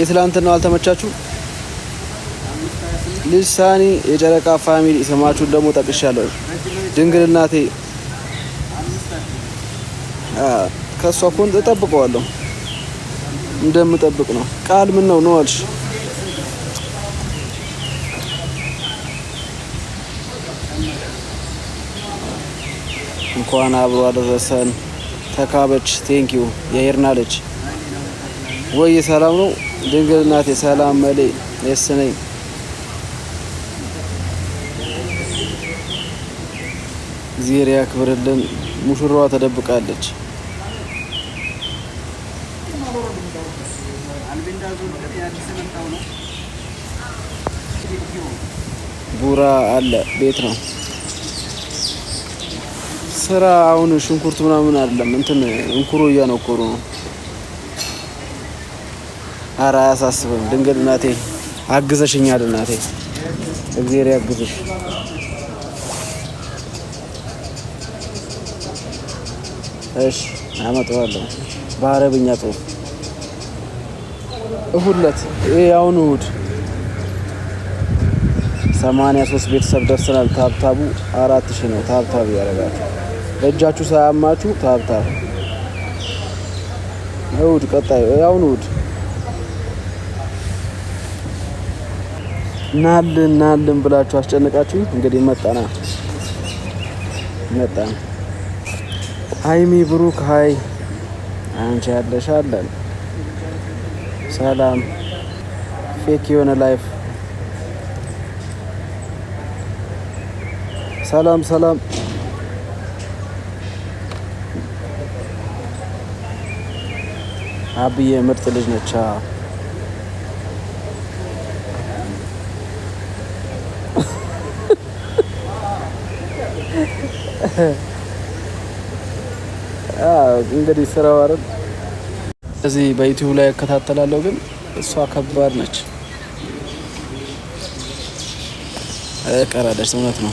የትላንትናው አልተመቻችሁ? ሳኒ የጨረቃ ፋሚሊ ስማችሁን ደግሞ ጠቅሻለሁ። ድንግል እናቴ ከእሷ እኮ እጠብቀዋለሁ እንደምጠብቅ ነው። ቃል ምን ነው ነው አልሽ? እንኳን አብሮ አደረሰን። ተካበች ቴንኪዩ የሄርናለች ወይ ሰላም ነው ድንግል ናት የሰላም መሌ የስነኝ እግዚአብሔር ያክብርልን። ሙሽራዋ ተደብቃለች። ቡራ አለ ቤት ነው ስራ። አሁን ሽንኩርት ምናምን አይደለም እንትን እንኩሮ እያነኮሩ ነው ኧረ አያሳስብም። ድንግል እናቴ አግዘሽኛል። እናቴ እግዜር ያግዝሽ። እሺ አመጣዋለሁ። በአረብኛ ጽሁፍ እሁድ ዕለት ያሁኑ እሁድ ሰማንያ ሶስት ቤተሰብ ደርሰናል። ታብታቡ አራት ሺህ ነው። ታብታቡ እያደረጋችሁ በእጃችሁ ሳያማችሁ ታብታብ። እሁድ ቀጣዩ ያውን እሁድ ናልን ናልን ብላችሁ አስጨንቃችሁ እንግዲህ መጣና መጣን። ሀይሚ ብሩክ ሀይ አንቺ ያለሻለን ሰላም ፌክ የሆነ ላይፍ ሰላም ሰላም አብዬ ምርጥ ልጅ ነቻ እንግዲህ ስራው አይደል እዚህ በዩቲዩብ ላይ እከታተላለሁ፣ ግን እሷ ከባድ ነች። ቀራደች እውነት ነው።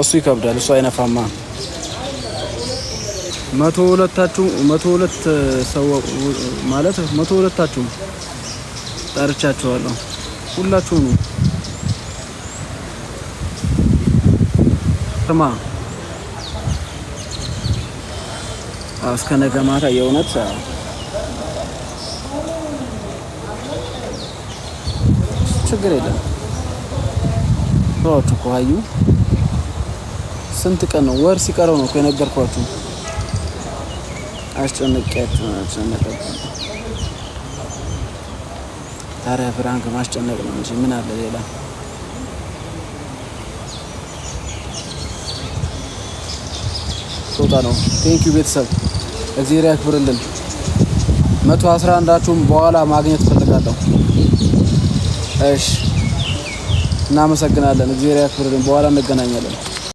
እሱ ይከብዳል፣ እሱ አይነፋማ። መቶ ሁለታችሁ መቶ ሁለት ሰው ማለት መቶ ሁለታችሁ ጠርቻችኋለሁ ሁላችሁ ነው ግጥማ እስከ ነገ ማታ የእውነት ችግር የለም። ስራዎቹ እኮ ሀዩ ስንት ቀን ነው? ወር ሲቀረው ነው እኮ የነገርኳችሁ። አስጨነቂያት አስጨነቀት። ታዲያ ፍራንክ ማስጨነቅ ነው እንጂ ምን አለ ሌላ? ስጦታ ነው። ቴንኪዩ ቤተሰብ እግዚአብሔር ያክብርልን። መቶ አስራ አንዳችሁም በኋላ ማግኘት ፈልጋለሁ። እሺ እናመሰግናለን። እግዚአብሔር ያክብርልን። በኋላ እንገናኛለን።